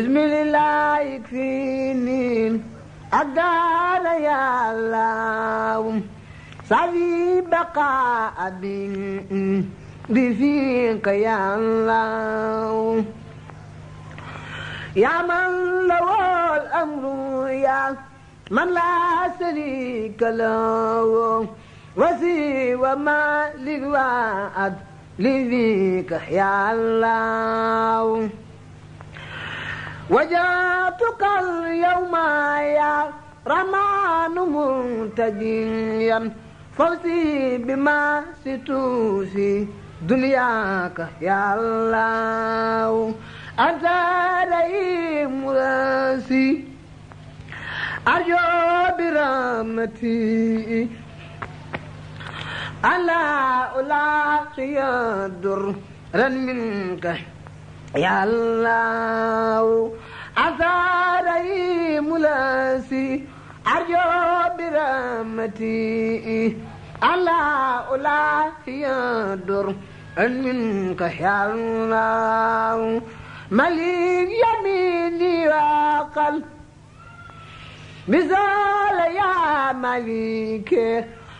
bismillah ikfini adara ya allah safi baqa abin بفيك يا الله يا من له الأمر يا من لا شريك له وسوى ما للوعد لذيك يا الله وجاتك اليوم يا رمان منتجيا فوزي بما ستوسي دنياك يا الله أنت رئيم راسي أرجو برحمتي ألا ألاقي الدر منك يا الله أثاري ملاسي أرجو برامتي ألا ألا يدر أن منك يا الله مليك يميني وقل مثال يا مليك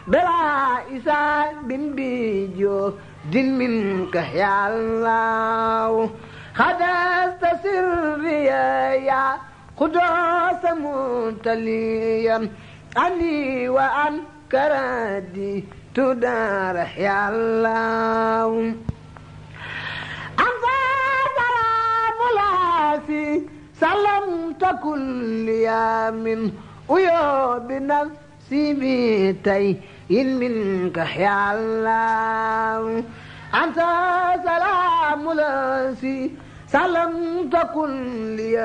بلا إساء بن بيجو دين منك يا الله خدست سريا يا قدوس متليا عني وعن كردي تدار يا الله أنت سلام لاسي سلمت كل يوم ويا بنفسي بيتي منك يا الله أنت سلام لاسي سلام تكن لي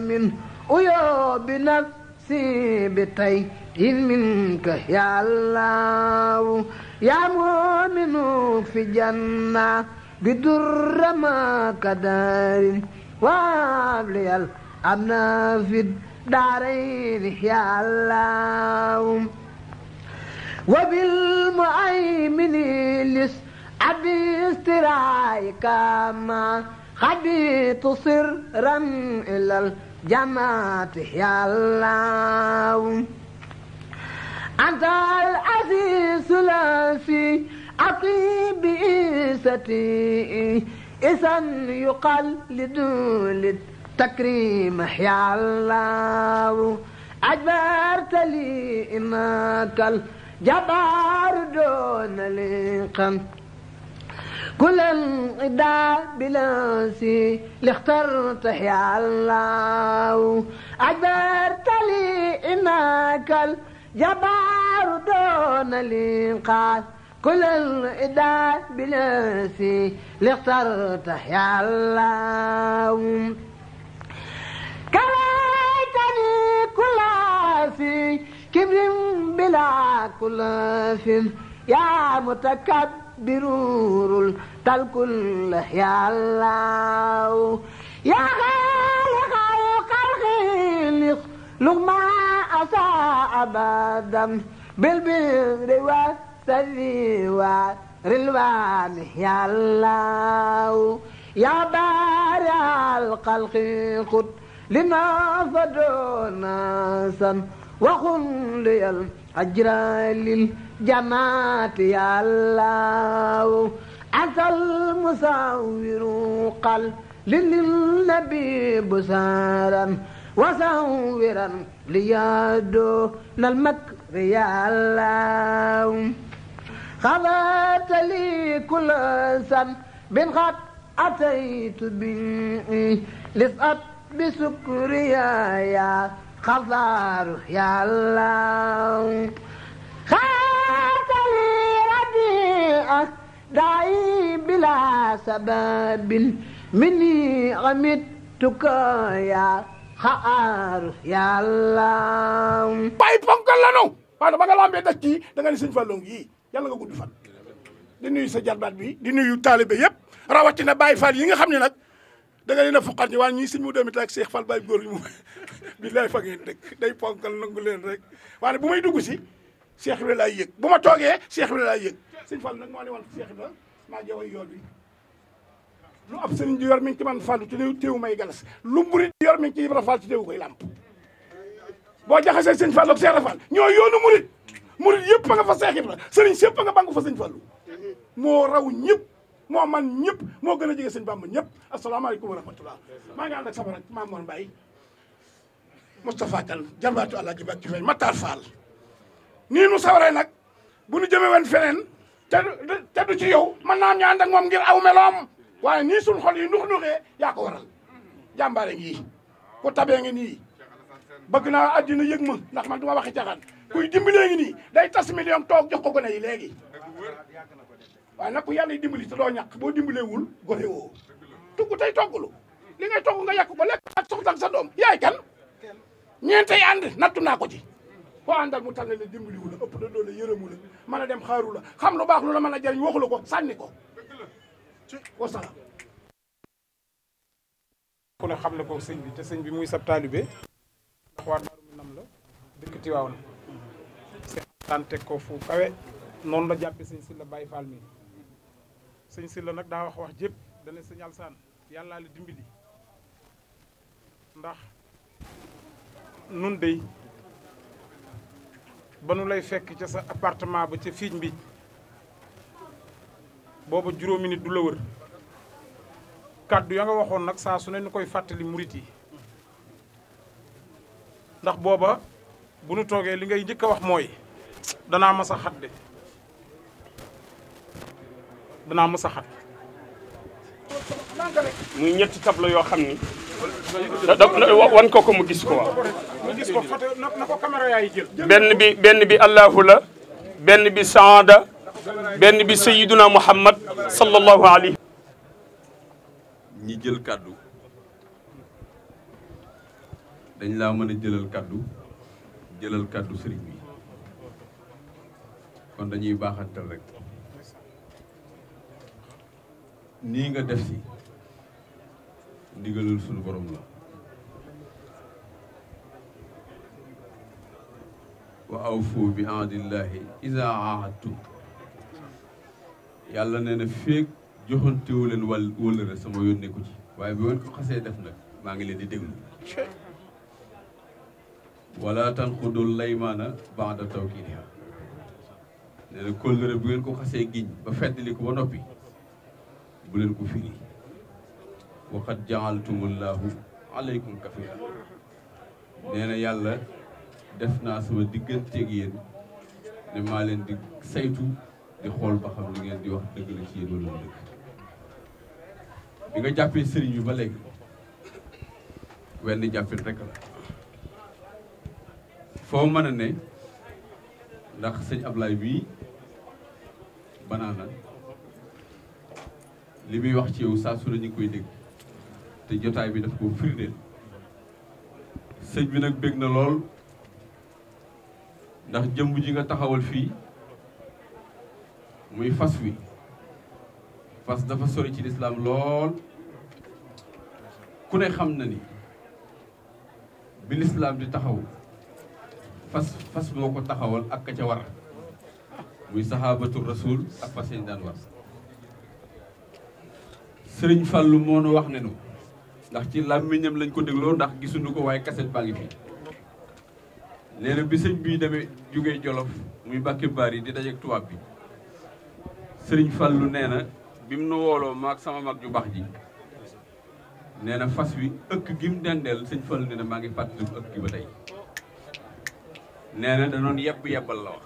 من أيا بنفسي بتي إن منك يا الله يا مؤمن في جنة بدر ما كدار وابلي الأمن في الدارين يا الله وبالمؤمن لس أبيستراي كما خبيت سرا إلى الجماعة يا الله أنت العزيز لا في أطيب إيستي إذا يقلد للتكريم يا الله أجبرت لي إماك الجبار دون لقم كل انقضاء بلاسي لاخترت يا الله أجبرت لي إنك الجبار دون الإنقاذ كل الإداء بلاسي لاخترت يا الله كرهتني كل في كبر بلا كل يا متكبر برور الكل يا الله يا خالق الخلق لغما أساء أبدا بالبر والسر والرلوان يا الله يا بارع الخلق قد لنا فدونا سن وخلي ajralil janaati yàllaaw asal musawiru qal lilil nabi busaaran wasawiran liyaadoo nal makri yàllaaw xalaata li kulla bin xat ataytu bi lisat bi sukriya خضار يا الله خاتني رديئك دعي بلا سبب مني غمدتك يا xaar yàlla. bàyyi ponkal lanu maanaam ba nga lambee daj kii ni sëñ Fallou yii nga gudd fan. di nuyu jarbaat bi di nuyu taalibe yëpp rawatina Baye Fall yi nga xam ni nag da nga leen a fuqat ñi waaye ñii sëñ mu demit ak Seex Fall Baay góor yi mu billaay fa ngeen day ponkal nangu leen rek waane bu may dugg si Seex Ibra laa yëg bu ma toogee Seex Ibra laay yëg sëñ Fall nag moo ne Seex Ibra maa jaway yool bi lu ab sëriñ di yor mi ngi ci man fàllu te teewu may galas lu mburi di yor mi ngi ci Ibra Fall ci teewu koy làmp boo jaxasee sëñ Fall ak Seex Ibra Fall ñoo yoonu murit murit yëpp a nga fa Seex Ibra sëriñ si yëpp a nga bàngu fa sëñ Fallu moo raw ñëpp moo man ñëpp moo gën a jege sëñ Bamba ñëpp asalaamaaleykum wa rahmatullah maa ngi ànd ak sama rakk Mamour Mbaye Moustapha Kane jarbaatu Alaaji Bakki Faye Matar Fall nii nu sawaree nag bu nu jëmee woon feneen te te du ci yow mën naa ñu ànd ak moom ngir aw meloom waaye nii suñ xol yi nux yaa ko waral jàmbaare ngi ku tabee ngi nii bëgg naa àddina yëg ma ndax man du ma waxi jaxan kuy dimbalee ngi nii day tas million toog jox ko gone yi léegi waaye nag ku yàlla dimbali te doo ñàkk boo dimbalewul gore woo tugg tey togglu li ngay togg nga yàq ba lekk ak soxna sa doom yaay kan ñeentey ànd nattu naa ko ci koo àndal mu tànn la dimbaliwu la ëpp la doole yërëmu la mën a dem xaaru la xam lu baax lu la man a jëriñ waxu ko sànni ko wasalaam ku sëñ bi te sëñ bi muy sab taalibe ndax waa ko fu kawe noonu la jàppe sëñ si la Baay Faal mi sëñ Sylla nag daa wax wax jépp dana sëñ Alsaan yàllaa la dimbali ndax nun dey ba nu lay fekk ca sa appartement ba ca fiiñ bi booba juróomi nit du la wër kàddu yaa nga waxoon nag saa su ne nu koy fàttali murit yi ndax booba bu nu toogee li ngay njëkk a wax mooy danaa mas a xadde danaa mos a xat muy ñetti tableau yoo xam ni. da wan ko ko mu gis ko waaw. benn bi benn bi Allahu la. benn bi saada benn bi Sayyiduna Muhammad sallallahu alayhi. ñi jël kàddu dañ la mën a jëlal kàddu jëlal kàddu sëriñ bi kon dañuy baaxantal rek. nii nga def si ndigalul sunu borom la wa awfu bi ahdillahi iza ahadtum yàlla nee na féeg joxantewu leen wàll wëllëre sama yónne ko ci waaye bi ngeen ko xasee def nag maa ngi leen di déglu wala tanqudul laymaana ba'da tawkiidihaa nee na kóllëre bu ngeen ko xasee giñ ba feddali ba noppi bu leen ko firi waqad jaaltumullaahu aleykum kafila nee na yàlla def naa sama digganteeg yéen ne maa leen di saytu di xool ba xam li ngeen di wax dëgg la ci yéen wala dëgg bi nga jàppee sëriñ bi ba léegi wenn jàppin rek la foo mën a ne ndax sëñ Ablaye bii banaana li muy wax ci yow saa su ne ñu koy dégg te jotaay bi daf ko firndeel sëñ bi nag bégg na lool ndax jëmb ji nga taxawal fii muy fas wi fas dafa sore ci lislaam lool ku ne xam na ni bi lislaam di taxaw fas fas moo ko taxawal ak ka ca war muy saxaabatul rasul ak fas yañ daan war sëriñ Fallou moo nu wax ne ndax ci làmmiñam lañ ko dégloo ndax gisuñu ko waaye kaset baa ngi fi nee bi sëñ bii demee jóge Jolof muy Mbàkke Baari di dajeek tubaab bi sëriñ Fallou nee na bi mu nu wooloo maag sama mag ju baax ji nee na fas wi ëkk gi mu dendeel sëñ Fallou nee na maa ngi fàttaliku ëkk gi ba tey nee na danoon yebb yebbal la wax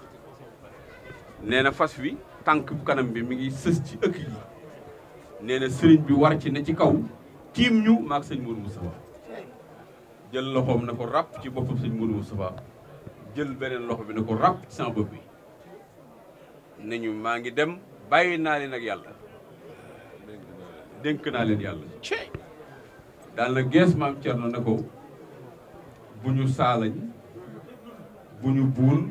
nee na fas wi tànk kanam bi mu ngi sës ci ëkk gi nee na sëriñ bi war ci ne ci kaw tiim ñu maag sëñ Mourou Moustapha jël loxoom na ko ràpp ci boppam sëñ Mourou Moustapha jël beneen loxo bi na ko ràpp ci sama bopp bi nañu maa ngi dem bàyyi naa leen ak yàlla dénk naa leen yàlla daan la gees maam Cerno na ko bu ñu saalañ bu ñu buul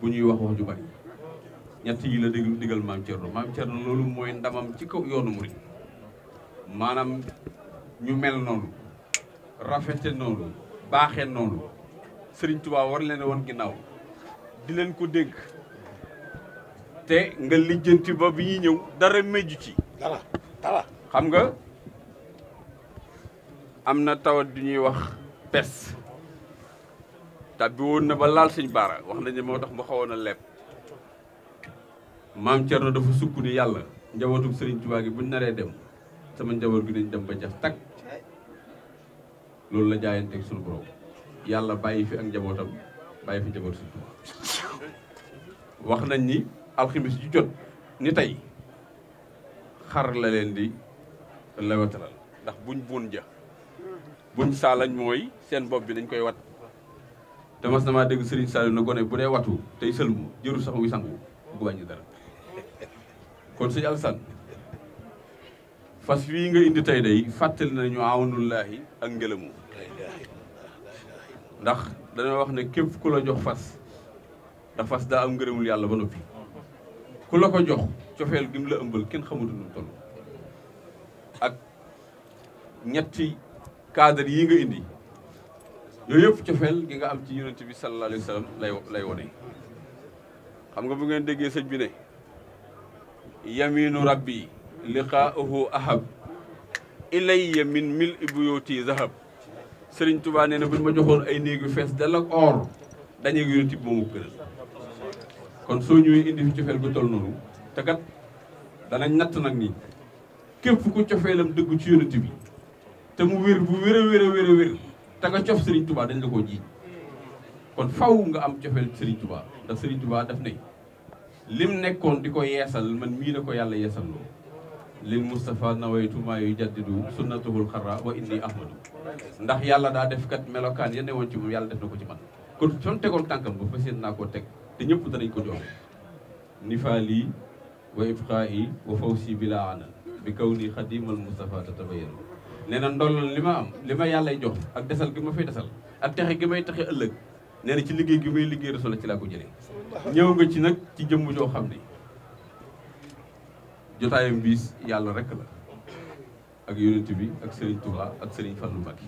bu ñuy wax wax ju ñett yi la digal digal maam Thierno maam Thierno loolu mooy ndamam ci kaw yoonu murit maanaam ñu mel noonu rafete noonu baaxe noonu Serigne Touba war leen woon ginnaaw di leen ko dégg te nga lijjanti ba bi ñuy ñëw dara méjju ci. dara xam nga am na tawat du ñuy wax pes tàbbi woon na ba laal suñu baara wax nañu moo tax mu xawoon a lepp. maam Thierno dafa sukk ni yàlla njabootu Serigne Touba yi buñ naree dem sama njaboot gi dañ dem ba jax takk loolu la jaayanteeg suñu borom yàlla bàyyi fi ak njabootam bàyyi fi njaboot Serigne wax nañ ni alximis ju jot ni tey xar la leen di lewetalal ndax buñ buun ja buñ saalañ mooy seen bopp bi nañ koy wat te mas na maa dégg Serigne Saliou na gone bu dee watu tey sëlmu jëru sax muy sangu bu wàññi dara kon sëñ Alassane fas wii nga indi tey day fàttali na ñu awnullaahi ak ngelamu ndax dañoo wax ne képp ku la jox fas da fas daa am ngërëmul yàlla ba noppi ku la ko jox cofeel gi mu la ëmbal kenn xamatu nu toll ak ñetti cadre yi nga indi yooyu yëpp cofeel gi nga am ci yonent bi sallallahu alayhi wa lay wone xam nga bu ngeen déggee sëñ bi ne yaminu rabbi liqaa'uhu ahab ilayya min mil ibuyuti zahab sëriñ Tuubaa nee na bu ñu ma joxoon ay néeg yu fees dal ak or dañuy yonent bi moomu gënal kon soo ñëwee indi fi cofeel gu toll noonu te kat danañ nag nii képp ku cofeelam dëgg ci yonent bi te mu wér bu wér a wér te nga cof sëriñ Tuubaa dañ la koo jiiñ kon faw nga am cofeel Sëriñ Tuubaa ndax Sëriñ Tuubaa def ne lim nekkoon di ko yeesal man mii la ko yàlla yeesal loo lil na nawaytu maa yu jaddidu sunnatuhul xarra wa inni ahmadu ndax yàlla daa def kat melokaan yenn woon ci yàlla def na ko ci man kon soon tegoon tànkam ba fas yéene naa koo teg te ñëpp danañ ko joxe nifaali wa ibqaa'i wa fawsi bila ana bi kaw ni xadimal Moustapha tatabayan nee na ndollal li ma am li ma yàllay jox ak desal gi ma fay desal ak texe gi may texe ëllëg nee na ci liggéey gi may liggéey rasul ci laa ko ñëw nga ci nag ci jëmm joo xam ni jotaayam biis yàlla rek la ak yonent bi ak sëriñ Touba ak Serigne Fallou Mbacké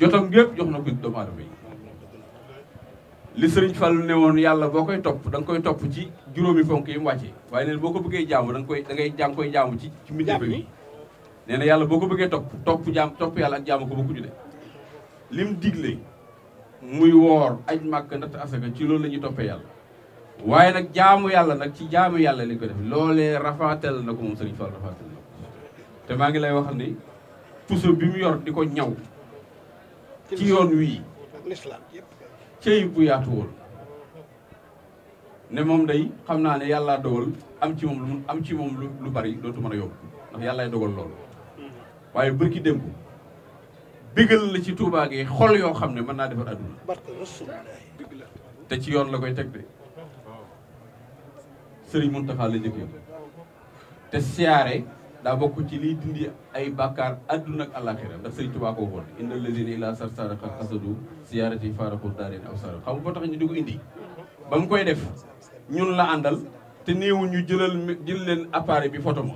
jotam gépp jox na ko doomu aadama yi li Serigne Fallou ne woon yàlla boo koy topp danga koy topp ci juróomi ponk yi mu wàccee waaye neen boo ko bëggee jaamu danga nga koy da ngay jàng koy jaamu ci ci mbir bi na yàlla boo ko bëggee topp topp jaam topp yàlla ak jaamu ko ba ku jude lim digle muy woor aj màkk natt asaka ci loolu la ñuy toppee yàlla waaye nag jaamu yàlla nag ci jaamu yàlla lañ ko def loolee rafaatal na ko moom Serigne Fall rafaatal na ko te maa ngi lay wax ni puso bi mu yor di ko ñaw ci yoon wii cey bu yaatu ne moom day xam naa ne yàllaa dogal am ci moom lu am ci moom lu bari dootu mën a yóbbu ndax yàllaay dogal loolu hmm. waaye bërki démb bégal la ci Touba xol yoo xam ne mën naa defar àdduna te ci yoon la koy teg de sëriñ Mountakha la njëkkee te siyaare daa bokk ci liy dindi ay bàkkaar àdduna ak àllaaxira ndax sëriñ Touba ko waxoon inna lazina ila sar saraka xasadu siyaarati faaraxul daarin aw sara xam nga tax ñu di ko indi ba mu koy def ñun la àndal te néewu ñu jëlal jël leen appareil bi photo ma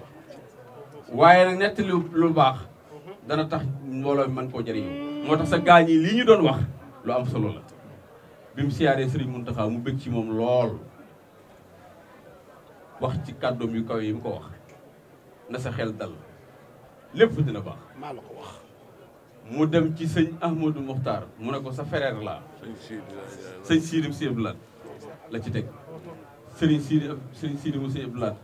waaye nag nettali lu baax dana tax mbooloo man koo jëriñoo moo tax sa gaañ yi lii ñu doon wax lu am solo la bi mu siyaaree Serigne Mountakha mu bëgg ci moom lool wax ci kàddoom yu kaw yi mu ko wax na sa xel dal lépp dina baax maa la ko wax mu dem ci sëñ Ahmadou Mokhtar mu ne ko sa fereer laa sëñ Siidi si Abdoulaye la ci teg sëriñ Siidi sëriñ Siidi mu si Abdoulaye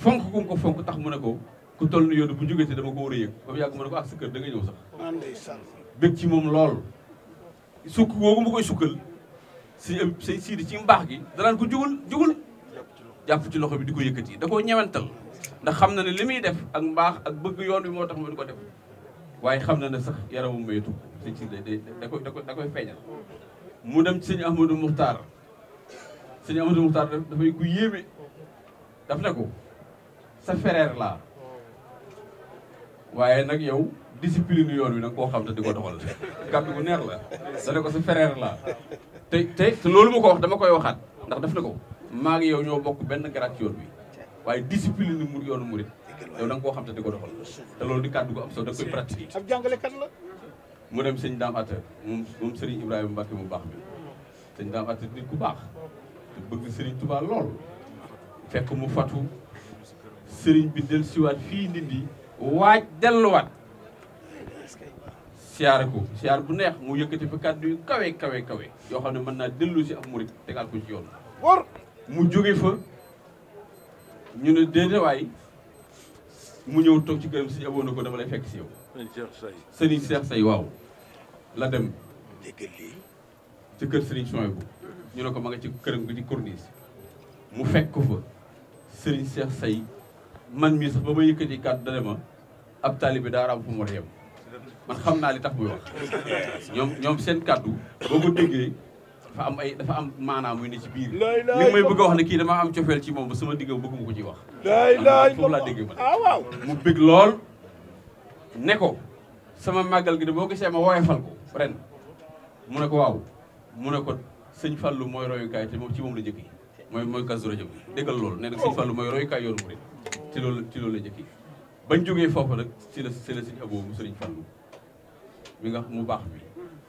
fonk gum ko fonk tax mu ne ko ku toll ni yoonu bu jógee ci dama ko war a yëg ba mu yàgg ma ne ko ak ah, sa kër da nga ñëw sax ci moom lool sukk googu ma koy sukkal si say siidi ci mbaax gi danaan ko jugul jugul jàpp ci loxo bi di ko yëkkati da koo ñewental ndax xam na ne li muy def ak mbaax ak bëgg yoon bi moo tax mu di ko def waaye xam na ne sax mu maytu sëñ si da koy da koy feeñal mu dem ci sëñ Ahmadou Mouhtar sëñ Ahmadou Mouhtar dafay ku yéeme daf ne ko sa frère laa waaye nag yow discipline yoon wi nag koo xam te di ko doxal kàddu gu neex la dana ko su frère la te te loolu ma ko wax dama koy waxaat ndax def ne ko maa ngi yow ñoo bokk benn garaat yoon bi waaye discipline ni mu yoonu murit yow da koo xam te di ko doxal te loolu di kàddu gu am soo da koy pratique ab jàngalekat la mu dem sëñ daam Atta moom moom Serigne Ibrahima mu baax bi sëñ daam Atta nit ku baax te bëgg Serigne tubaa lool fekk mu fatu Serigne bi del siwaat fii nit waaj delluwaat siyaare ko siyaar bu neex mu yëkkati fi kàddu yu kawe kawe kawe yoo xam ne mën naa dellu si am murit tegal ko ci yoon mu jóge fa ñu ne déetewaay mu ñëw toog ci këram si aboon na ko dama lay fekk si yow sëriñ Seex Say waaw la dem ci kër sëriñ Soñ bu ñu ne ko ma nga ci këram gi ci corniche mu fekk ko fa sëriñ Seex Say man mii sax ba ma yëkkati kàddu dane ma ab taalibe daa am fu mu war a man xam naa li tax muy wax ñoom ñoom seen kàddu boo ko déggee dafa am ay dafa am maanaam muy ne ci biir li may bëgg wax ne kii dama am cofeel ci moom ba sama digga bëgguma ko ci wax foofu laa déggee man ah, waaw mu bëgg lool ne ko sama màggal gi de boo gisee ma woyofal ko mu ne ko waaw mu ko sëñ Fallou mooy royukaay te moom ci moom la jëkki mooy mooy Kazu Rajab déggal loolu nee na sëñ Fallou mooy royukaay yoonu murid ci loolu ci loolu la jëkki bañ jógee foofu nag si la si la sëñ aboo mu sëriñ Fallou mi nga mu baax bi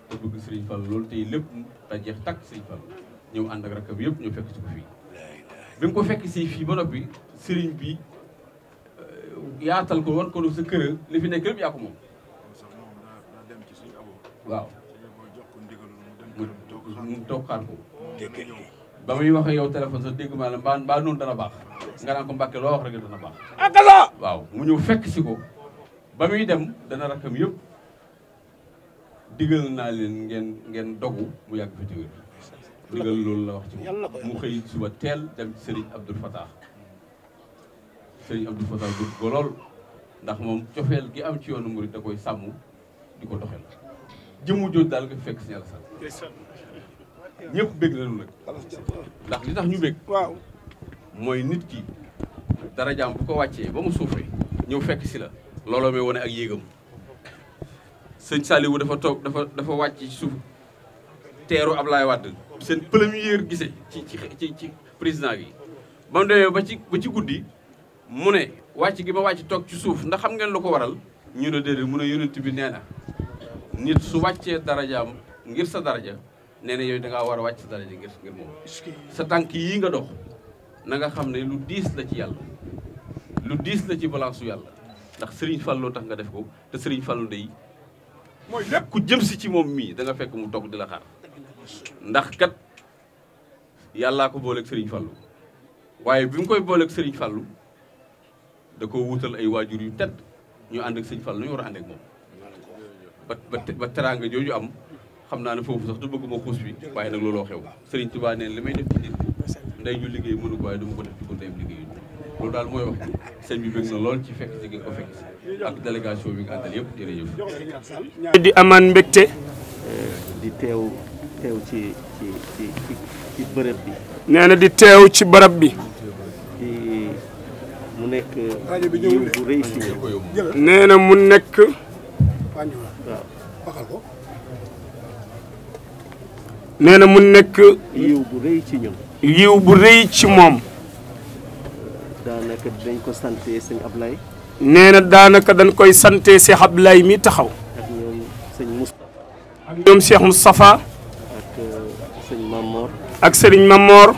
lu bëgg sëriñ Fallou lépp ta takk sëriñ Fallou ñëw ànd ak yëpp ñu fekk si fii bi mu ko fekk si fii ba noppi sëriñ bi euh, yaatal ko war ko sa kër li fi nekk lépp yaa ko moom waaw mu toog xaar ko ba muy waxee yow téléphone sax dégg maa la mbaa mbaa noonu dana baax nga naan ko Mbàkke loo wax rek dana baax. akala waaw mu ñëw fekk si ko ba muy dem dana rakkam yëpp digal naa leen ngeen ngeen dogu mu yàgg fi téwér digal loolu la wax ci mu xëy suba teel dem ci Serigne Abdoul Fattah Serigne Abdoul Fattah bëgg lool ndax moom cofeel gi am ci yoonu murid da koy sàmm di ko doxel jëmu jooj daal nga fekk si ñàlla sax ñëpp bëgg nañu nag ndax li tax ñu bëgg mooy nit ki darajaam bu ko wàccee ba mu suufee ñëw fekk si la looloo may wone ak yéegam sëñ Saliou dafa toog dafa dafa wàcc ci suuf teeru laay Wade seen première gise ci ci ci président gi ba mu demee ba ci ba ci guddi mu ne wàcc gi ma wàcc toog ci suuf ndax xam ngeen lu ko waral ñu ne déedéet mu ne yonent bi nee na nit su wàccee darajaam ngir sa daraja nee na yooyu da war a wàcc sa daraja ngir ngir sa tànk yii nga dox na nga xam ne lu diis la ci yàlla lu diis la ci balaasu yàlla ndax sëriñ Fallou tax nga def ko te sëriñ Fallou day mooy lépp ku jëm si ci moom mii danga fekk mu toog di la xaar ndax kat yàllaa ko booleeg sëriñ Fallou waaye bi mu koy booleeg sëriñ Fallou da ko wutal ay waajur yu tedd ñu ànd ak sëriñ Fallou ñu war a ànd ak moom ba ba teraanga jooju am xam naa ne foofu sax du bëgguma xuus bi waaye nag looloo xew sëriñ Tuubaa li may def ci nit ndey ju liggéey mënu ko waaye dama ko def loolu ci fekk ci nga ak délégation bi nga yëpp jërëjëf. di amaan mbégte. Eh, di teew teew ci ci na di teew ci bërëb bi. mu nekk yiw bu rëy nee na mu nekk. na mu nekk. yiw bu rëy ci ñoom. yiw bu rëy ci moom. daanaka dañ ko sante sëñ Ablaye. nee na daanaka dañ koy sante Cheikh Ablaye mi taxaw. ak ñoom sëñ Moustapha. ak ñoom Cheikh ak sëriñ Mamor.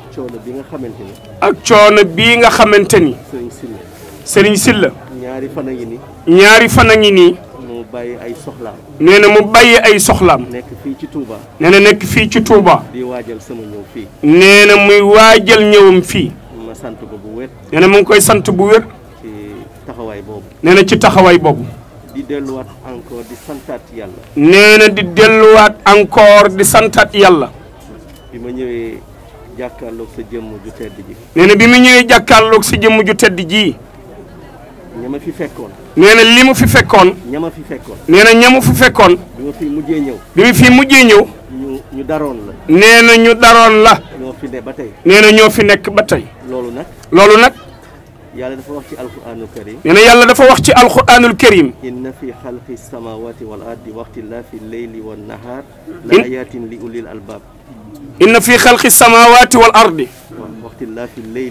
ak coono bi nga xamante ni. ak coono bii nga xamante ni. sëriñ Silla. sëriñ Silla. ñaari ñaari fan a ngi nii. bàyyi ay soxlaam. nee na mu bàyyi ay soxlaam. nekk fii ci Touba. nee nekk fii ci Touba. di waajal sama ñëw fii. nee na muy waajal ñëwam fii. ma sant ko bu wér. nee na mu ngi koy sant bu wér. ci taxawaay boobu. nee na ci taxawaay boobu. di delluwaat encore di santaat yàlla. nee di delluwaat encore di santaat yàlla. bi ma ñëwee jàkkaarloog sa jëmm ju tedd ji. nee bi mu ñëwee jàkkaarloog sa jëmm ju tedd ji. ña ma fi fekkoon. nee na li mu fi fekkoon. ña ma fi fekkoon. nee na ña mu fi fekkoon. bi fi mujjee ñëw. bi mu fi ñëw. ñu ñu la. nee na ñu daroon la. fi ne ba tey. nee na ñoo fi nekk ba tey. loolu nag. loolu nag. yàlla dafa wax ci alquranul karim. nee na yàlla dafa wax ci alquranul karim. inna fi xalqi samawati wal ardi waxtilaafi leyli wan nahaar. la ayatin li ulil albaab. inna fi xalqi samawati wal ardi.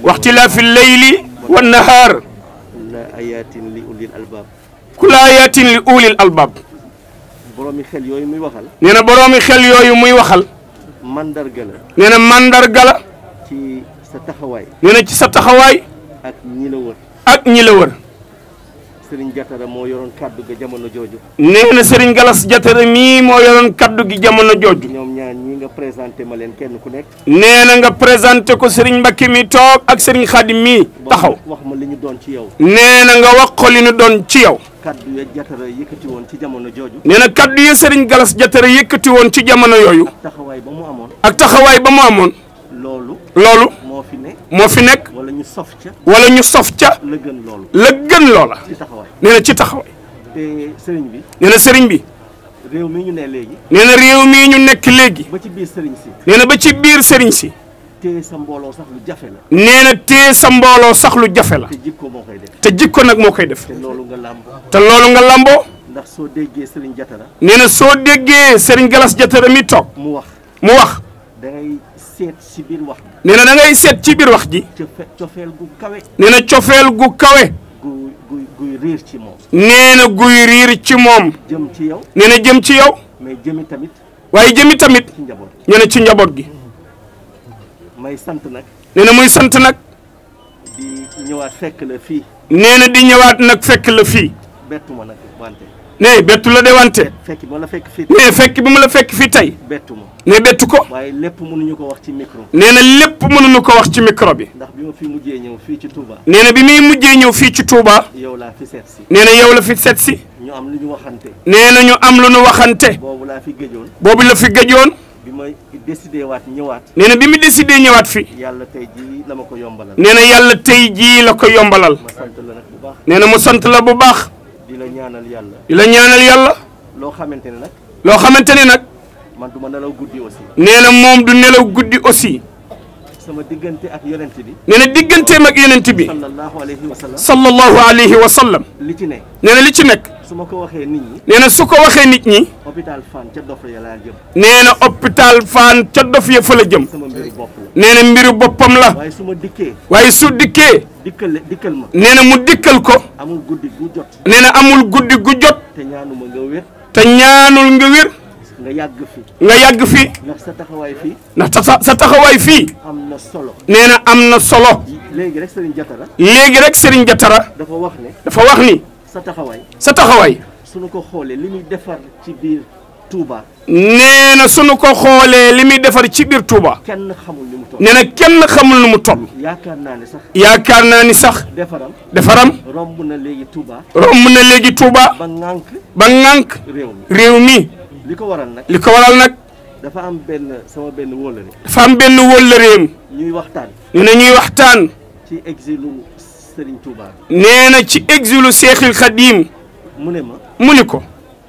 waxtilaafi leyli wan nahaar. kulaa ayatin li ulil albaab. kulaa ayatin xel yooyu muy waxal. nee na boroomi xel yooyu muy waxal. mandarga la. nee na la. ci sa taxawaay. nee ci sa taxawaay. ak ñi Serigne Jatara moo yoroon kaddu gi jamono jooju. nee na Serigne Galas Jatara mii moo kaddu gi jamono jooju. ñoom ñaar ñii nga présenté ma leen kenn ku nekk. nee na nga présenté ko Serigne Mbacke mi toog ak Serigne Khadim mii taxaw. wax ma li ñu doon ci yow. nee na nga wax ko li ñu doon ci yow. kaddu ya yi yëkkati woon ci jamono jooju. nee na kaddu ya Serigne Galas Jatara yëkkati woon ci jamono yooyu. ak taxawaay ak taxawaay ba mu amoon. loolu. loolu. moo fi nekk moo fi nekk. wala ñu sof ca. wala ñu sof ca. la gën loolu la gën loola. ci taxawaay nee ci taxawaay. te sëriñ bi. nee sëriñ bi. réew mi ñu ne léegi. nee na réew mii ñu nekk léegi. ba ci biir sëriñ si. nee na ba ci biir sëriñ si. téye sa mbooloo sax lu jafe la. nee na sa mbooloo sax lu jafe la. te jikko moo koy def. te jikko nag moo koy def. te loolu nga làmboo. te loolu nga làmboo. ndax soo déggee sëriñ jatara. nee na soo déggee sëriñ galas jatara mi toog. mu wax mu wax. seet ci biir wax na da seet ci biir wax ji. cofeel gu kawe. nee cofeel gu kawe. guy guy guy riir ci moom. nee jëm ci yow. nee na jëm ci yow. mais jëmi tamit. waaye jëmi tamit. ci njaboot ci njaboot gi. may sant nag. nee na muy sant nag. di ñëwaat fekk la fii. nee na di ñëwaat nag fekk la fii. bettu ne bettu la de wante. fekk ba la fekk fii fekk bi ma la fekk fii tey. bettu ma ne bettu ko. waaye lépp mënuñu ko wax ci micro. nee na lépp mën mënuñu ko wax ci micro bi. ndax bi ma fi ñëw fii ci Touba. nee na bi muy mujjee ñëw fii ci Touba. yow laa seet si. nee na yow la fi seet si. ñu am lu ñu waxante. nee na ñu am la ñu waxante. boobu laa fi gëjoon. boobu la fi gëjoon. bi ma décidé waat ñëwaat. nee na bi mu décidé ñëwaat fi yàlla tey jii la ma ko yombalal. nee na yàlla tey jii la ko yombalal. ma sant la nag bu baax. nee na mu sant la bu baax. ñaanal yàlla. di la ñaanal yàlla. loo xamante ne nag. loo xamante ne nag. man du ma nelaw guddi aussi. nee nag moom du nelaw guddi aussi. sama diggante ak yonent bi. nee na digganteem ak yonent bi. sallallahu alayhi wa sallam. sallallahu alayhi wa sallam. li ci nekk. nee li ci nekk. su ma ko waxee nit ñi. nee na su ko waxee nit ñi. hôpital Fann ca dof ya jëm. nee na hôpital Fann ca dof fa la jëm. sama mbiru bopp nee na mbiru boppam la. waaye su ma dikkee. waaye su dikkee. dikkal dikkal nee na mu dikkal ko. amul guddi jot. nee na amul guddi gu jot. te ñaanuma nga te ñaanul nga wér. nga yàgg fi. nga yàgg fi. ndax sa taxawaay fii. ndax sa sa taxawaay fii. am na solo. nee na am na solo. léegi rek Serigne Jatara. léegi rek Serigne Jatara. dafa wax ne. dafa wax ni. sa taxawaay. sa taxawaay. sunu ko xoolee li muy defar ci biir Touba. nee na sunu ko xoolee li muy defar ci biir Touba. kenn xamul ni mu toll. nee na kenn xamul nu mu toll. yaakaar naa ni sax. yaakaar naa ni sax. defaram defaram. romb na léegi Touba. romb na léegi Touba. ba ŋànk. réew mi réew mi. li ko waral nag li ko waral nag. dafa am benn sama benn wóllëre. dafa am benn wóllëreem. ñuy waxtaan. ñu ne ñuy waxtaan. ci exilu Serigne Touba. nee na ci exilu Seexil Xadim. mu ne ma mu ne ko.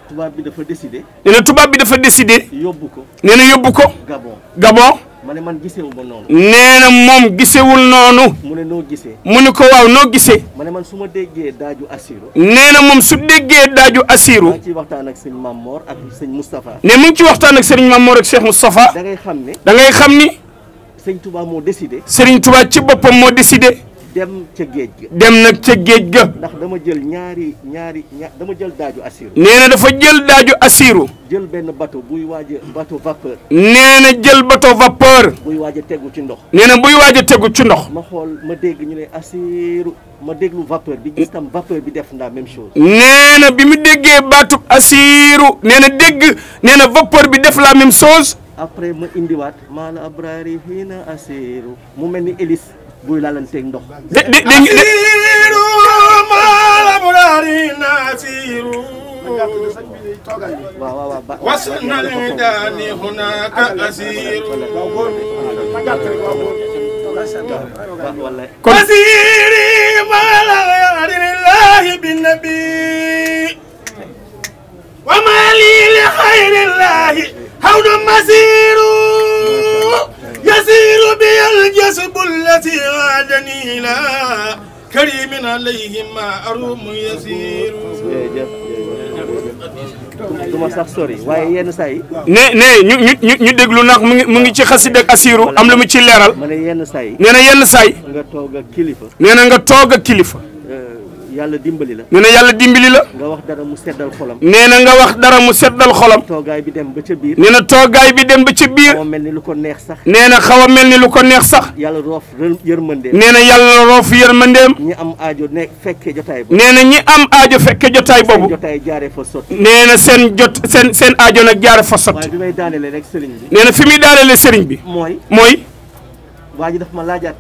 tubaab bi dafa décidé. nee tubaab bi dafa décidé. yóbbu ko nee yóbbu ko. Gabon Gabon. ma ne man gisewu ma noonu. nee na moom gisewul noonu. mu ne noo gisee. mu ne ko waaw noo gisee. ma ne man su déggee daaju Assirou. nee na moom su déggee daaju Assirou. maa ngi waxtaan ak sëñ Mamor ak sëñ Moustapha. ne mu ci waxtaan ak sëñ Mamor ak Cheikh Moustapha. da ngay xam ne da ngay xam ni. sëñ Touba moo décidé. sëriñ Touba ci boppam moo décidé. dem ca géej ga. dem nag ca géej ga. ndax dama jël ñaari ñaari dama jël daaju assiru. nee dafa jël daaju assiru. jël benn bateau buy waaj a bateau vapeur. nee na jël bateau vapeur. buy waaj a tegu ci ndox. nee na buy waaj tegu ci ndox. ma xool ma dégg ñu ne assiru ma déglu vapeur bi gis tam vapeur bi def na même chose. na bi mu déggee baatub assiru nee na dégg nee na vapeur bi def la même chose. après ma indiwaat. maala abrari hiina assiru mu mel ni hélice. buy laalanteeg ndox. dé dé dégg nga. waaw waaw waaw. hunaaka asiiru. maala yaarillahi bi nabi. wa maali li xayrillahi. xaw تسير بي الجسب التي عادني إلى كريم عليهم ما أروم يسير duma sax sori waaye yenn saa yi ne ne ñu ñu ñu déglu ndax mu ngi mu ngi ci xasida ak asiiru am lu mu ci leeral ma ne yenn saa yi nee na yenn saa yi nga toog ak kilifa nee na nga toog ak kilifa yàlla dimbali la. mu ne yàlla dimbali la. nga wax dara mu seddal xolam. nee na nga wax dara mu seddal xolam. toogaay bi dem ba ca biir. nee na toogaay bi dem ba ca biir. mel ni lu ko neex sax. nee na xaw mel ni lu ko neex sax. yàlla roof yërmandeem. nee na yàlla roof yërmandeem. ñi am aajo ne fekke jotaay boobu. nee na ñi am aajo fekke jotaay boobu. seen jotaay jaaree fa sotti. nee seen jot seen seen aajo nag jaaree fa sotti. waaye bi rek sëriñ bi. nee fi muy daanelee sëriñ bi. mooy. waa ji daf ma laajaat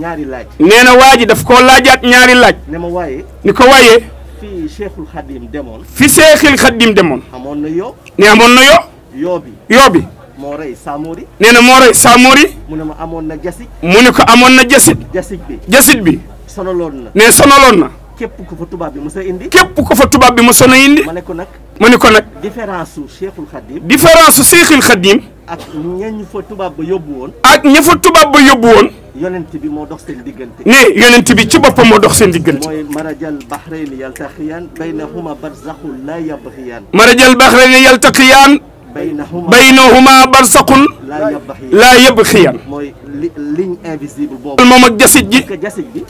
ñaari laaj. nee na waa ji daf koo laajaat ñaari laaj. ne ma waaye. ni ko waaye. fii Cheikhul Khadim demoon. fi Cheikhul Khadim demoon. amoon na yoo. ne amoon na yoo. yoo bi yoo bi. moo rey Samori. nee na moo rey mu ne ma amoon na jasit. mu ne ko amoon na jasit. jasit bi jasit bi. sonaloon na. nee sonaloon na. képp ku fa tubaab bi mos a indi. képp ku fa tubaab bi mos a indi. ma ne nag. mu ni ko nag. différence su Cheikhul Khadim. différence su Cheikhul Khadim. ak ña fa tubaab ba yóbbu woon. ak ña fa tubaab ba yóbbu woon. yonent bi moo dox seen diggante. ne yonent bi ci boppam moo dox seen diggante. mooy marajal bahrayni yaltaqiyaan baynahuma barzaxun laa yabxiyaan. marajal bahrayni yaltaqiyaan. baynahuma barzaxun laa yabxiyaan. mooy ligne invisible boobu. moom ak jasit ji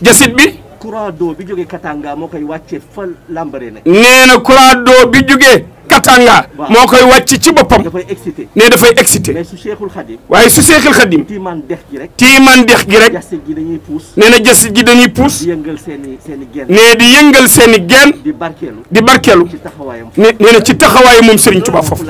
jasit bi. courant d'eau bi jógee Katanga moo koy wàccee fa lambare nag. nee na courant d'eau bi jógee Katanga. moo koy wàcc ci boppam. dafay excité nee dafay excité. mais su Cheikhul Khadim. waaye su Cheikhul Khadim. tiimaan dex gi rek. tiimaan dex gi rek. jasit gi dañuy puus. nee na jasit gi dañuy puus. di yëngal seen seen i genn. di yëngal seen i genn. di barkeelu. di barkeelu. ci taxawaayam. nee na ci taxawaayam moom Serigne Touba foofu.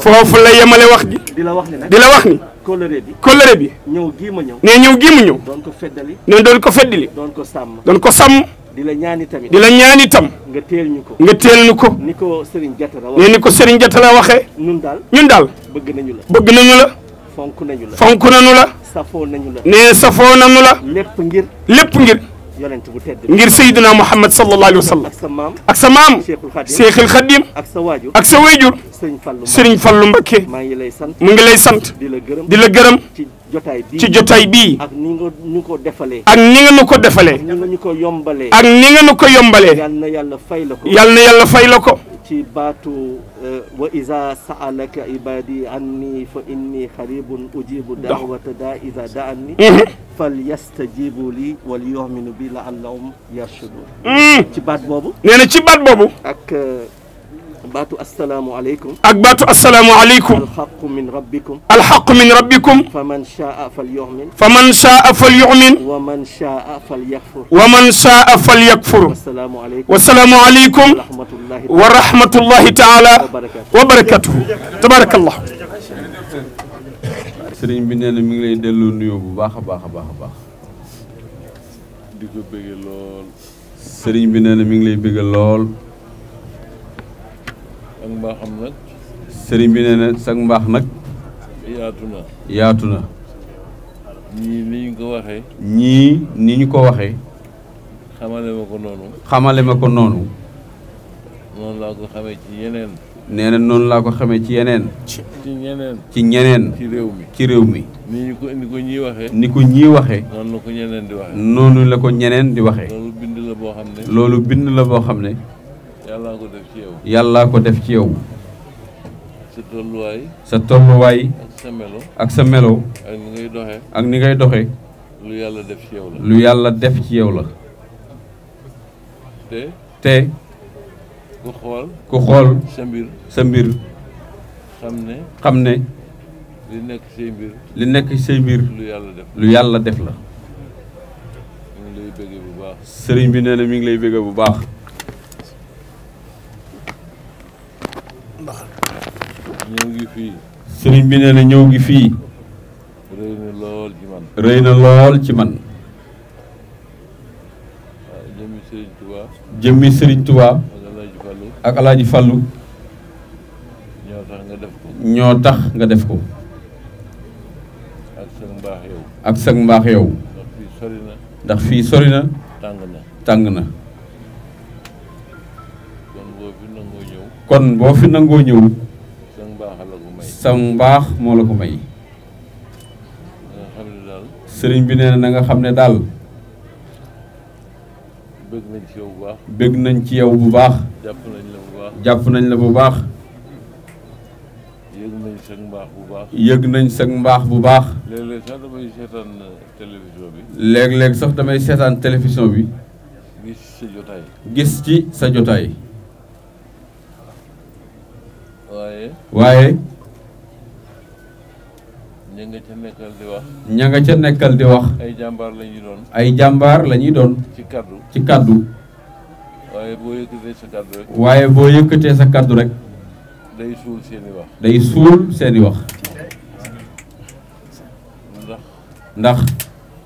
foofu la yemale wax ji. di la wax ni nag di la wax ni. colère bi colère bi. ñëw gii ma ñëw. nee ñëw gii mu ñëw. doon ko feddali. nee doon ko feddali. doon ko sàmm. doon ko sàmm. di la ñaani tamit. di la ñaani tam. nga teel ñu ko. nga teel ñu ko. ni ko Serigne Jatara waxee. nee ni ko Serigne Jatara waxee. ñun daal ñun daal. bëgg nañu la. bëgg nañu la. fonk nañu la. fonk nañu la. safoo nañu la. nee safoo nañu la. lépp ngir. lépp ngir. ngir sayyidina Muhammad sallallahu alayhi wa sallam ak sa maam Seexul Xadim ak sa waajur Serigne Fallou Mbacké mu ngi lay sant di la gërëm ci jotaay bii ak ni nga ñu ko defalee ak ni nga ñu ko defalee ak ni nga ñu ko yombalee ak ni nga ñu ko yombalee yal na yàlla fay la ko yal na yàlla fay la ko ci baatu euh, wa iza sa'alaka ibadi anni fa inni qaribun ujibu da'wata da iza da'anni mhm. falyastajibu li wal yu'minu bi la'allahum yarshudun mhm. ci baat boobu nee na ci baat boobu ak euh, baatu asalaamualeykum. ak baatu asalaamualeykum. alxaqu min rabbikum. alxaqu min rabbikum. faman caa fal yumin. faman caa fal yumin. wa man caa fal yakfur. wa man caa fal yakfur. wa salaamualeykum. wa rahmatullahi taala wa barakatuhu. tabarakallah. sëriñ bi nee na mi ngi lay delloo nuyoo bu baax a baax a baax a baax. di ko bëgg lool. sëriñ bi nee na mi ngi lay bëgg lool. ak mbaaxam nag. sëriñ bi nee na sag mbaax nag. yaatu na yaatu na. ñii ni ñu ko waxee. ñii ni ñu ko waxee. xamale ma ko noonu. xamale ma ko noonu. noonu laa ko xamee ci yeneen. nee na noonu laa ko xamee ci yeneen. ci ñeneen. ci ñeneen. ci réew mi ci réew mi. ni ñu ko ni ko ñii waxee. ni ko ñii waxee. noonu la ko ñeneen di waxee. noonu la ko ñeneen di waxee. bind boo xam ne. loolu bind la boo xam ne. yàllaa ko def ci yow. ko def ci yow. sa tolluwaay. sa tolluwaay. ak sa melo. ak sa melo. ak ni ngay doxee. ak ni ngay doxee. lu yàlla def ci yow la. lu yàlla def ci yow la. te. te. ku xool. ku xool. sa mbir. sa mbir. xam ne. xam ne. li nekk say mbir. li nekk say lu yàlla def lu yàlla def la. mi bu baax. sëriñ bi nee na mi ngi lay bëgg bu baax. fii. sëriñ bi nee na ñëw gi fii. rëy na lool ci man. rëy na lool ci man. jëmmi sëriñ Touba. jëmmi ak alaaji Fàllu ñoo tax nga def ko. ñoo tax nga def ko. ak sag mbaax yow. ndax fii sori na. tàng na tàng na. kon boo fi nangoo ñëw. nangoo ñëw. sam mbaax moo la ko may sëriñ bi nee na na nga xam ne daal bëgg nañ ci yow bu baax bëgg nañ ci yow bu baax jàpp nañ la bu baax jàpp nañ la bu baax yëg nañ sag mbaax bu baax yëg nañ sag mbaax bu baax léeg-léeg sax damay seetaan euh, télévision bi léeg-léeg sax damay seetaan télévision bi gis ci sa jotaay gis ci sa jotaay waaye ña nga ca nekkal di wax. ña nga ca nekkal di wax. ay jàmbaar lañuy ñuy doon. ay jàmbaar la doon. ci kàddu ci kàddu waaye boo yëkkatee sa kàddu rek. day suul seeni i wax. day suul seen i wax. ndax. ndax.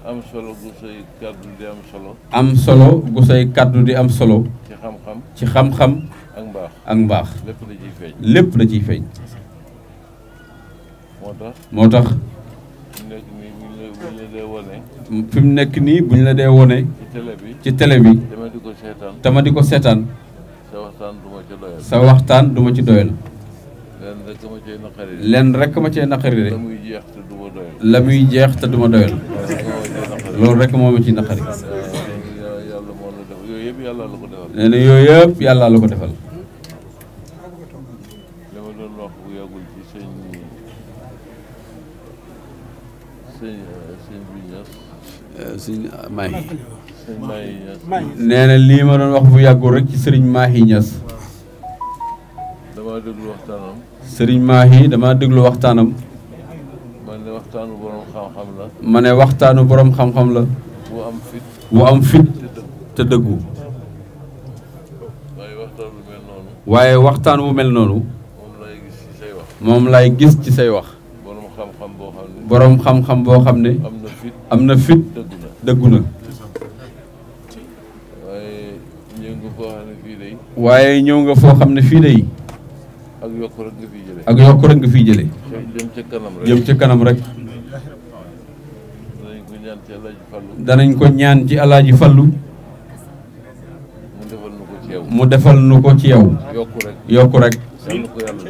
am solo gu say kaddu di am solo. am solo gu say kaddu di am solo. ci xam-xam ci xam ak mbaax ak mbaax. lépp la ciy lépp la ciy feeñ. moo tax moo tax. fi mu nekk nii bu ñu la dee wone. ci télé bi ci télé dama di ko seetaan dama di ko seetaan. sa waxtaan du ma ci doyal. sa waxtaan du ma ci doyal. lenn rek ma naqari. lenn rek ma cee naqari de. la muy jeex te du doyal. la jeex te du ma loolu rek moo ma ci naqari. yàlla moo la def yooyu yëpp yàlla la yëpp yàlla la ko defal. sëñ lii ma doon wax bu yàggul rek ci sëriñ Mahi Niass. damaa déglu waxtaanam. sëriñ Mahi damaa déglu waxtaanam. ma ne waxtaanu boroom xam-xam la. wu am fit. te dëggu. waaye waxtaan wu mel noonu. moom laay gis ci say wax. moom laay gis xam-xam boo xam ne. am na fit. dëggu na waaye ñëw nga foo xam ne fii day waaye ñëw nga foo xam ne fii day ak yokk rek nga fi jëlee ak yokk rek nga fiy jëlee ca kanam rek jëm danañ ko ñaan ci alaaji fallu mu defal nu ko ci yow yokku rek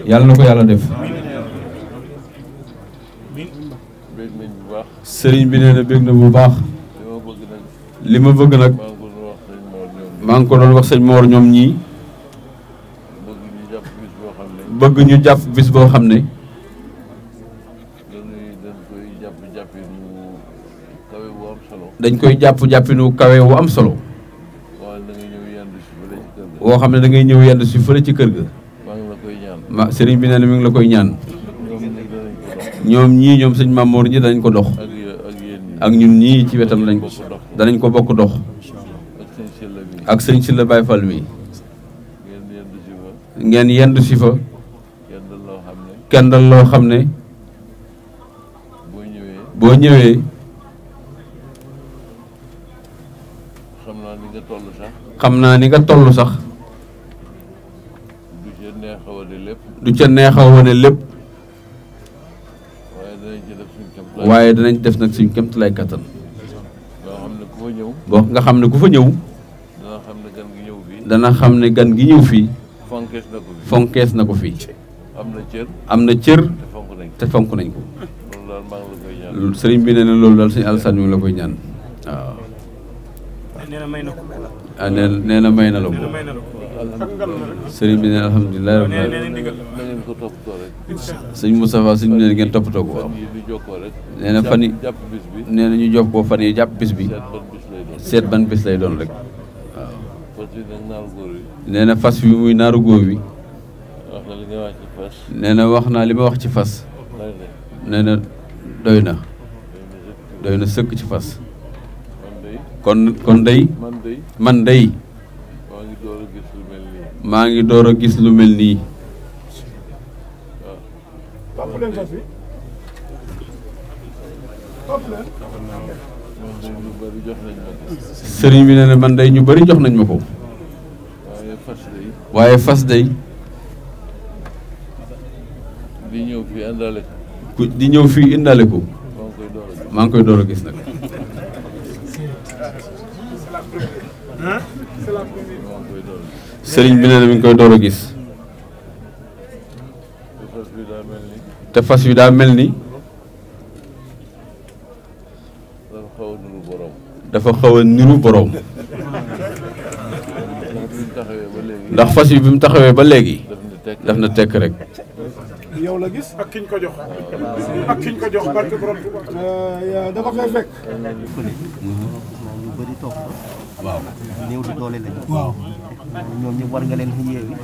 yàlla na ko yàlla def sëriñ bi nee bég na bu baax li ma bëgg nag maa ngi ko doon wax sëñ Mor ñoom ñii bëgg ñu jàpp bis boo xam ne dañ koy jàpp jàppinu kawe wu am solo woo xam ne da ngay ñëw yendu si fële ci kër ga ma sëriñ bi na mi ngi la koy ñaan ñoom ñii ñoom sëñ Mamoor ñi dañ ko dox ak ñun ñii ci wetam lañ ko danañ ko bokk dox ak sëñ si la Baye Fall mi ngeen yendu si fa kendal loo xam ne boo ñëwee xam naa ni nga toll sax xam naa ni nga toll sax du ca neex a wane lépp waaye danañ def nag suñ kéemtalaay kattan boo nga xam ne ku fa ñëw. dana xam ne gan gi ñëw fii. xam ne gan gi ñëw fii. fonkees na ko fii fonkees na am na cër te fonk nañ ko te fonk nañ ko. loolu sëriñ bi nee na loolu daal sëñ Alassane mi la koy ñaan waaw. Ah, nee na may na ko. ah na may na la ko. sëriñ bi nee na alhamdulilah rabbil alamin sëñ Moustapha sëñ bi nee na ngeen toppatoo ko waaw. nee na fan yi nee na ñu jox ko fan yi jàpp bis bi. seet ban bés lay doon rek nee na fas wi muy naaru góor wi. nee na wax naa li ma wax ci fas. nee na doy na. doy na sëkk ci fas. kon kon day. man day. maa ngi door a gis lu mel nii. sëriñ bi nee man day ñu bari jox nañ ma ko waaye fas de di ñëw fii di ñëw fii indaale ko maa ngi koy door a gis nag sëriñ bi nee na mi ngi koy door a gis te fas wi daa mel ni dafa xaw a niru dafa xaw a niru ndax fas yi bi mu taxawee ba léegi. daf na tekk rek. yow la gis ak kiñ ko jox ak kiñ ko jox barke borom dafa fay fekk. waaw. di doole lañu. waaw. ñoom ñëpp war nga leen yeewi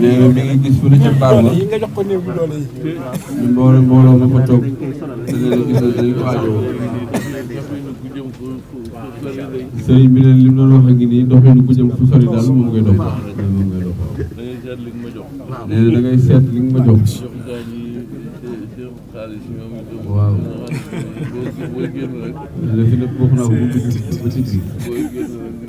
nee na mi ngi gis fu ne ca baar ba mbooloo mbooloo ma fa toog te nee na gis na dañ ko aajowoo sëriñ bi ne li mu doon wax ak nii doxinu ku jëm fu sori daal moom ngay dox moom ngay dox nee na da ngay seet li nga ma jox waaw. léegi nag bokk naa ko ba ci biir.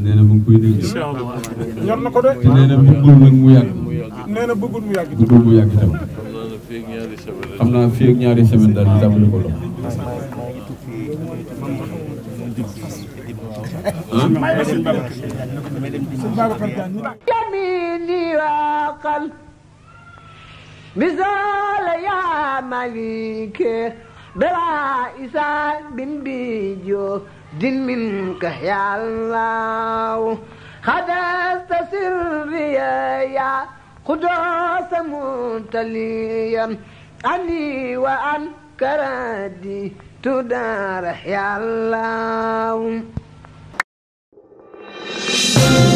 nee na mu ngi koy dégg. ñor na ko de. nee na bëggul nag mu yàgg. nee na bëggul mu yàgg. bëggul mu yàgg itam. xam naa fii ak ñaari semaine daal di tàmbali ko lool. جميل وعقل مثال يا مليك بلا إسان بن بيجو din منك يا الله خدست سري يا قدوس متليا عني وعن كردي تدار يا الله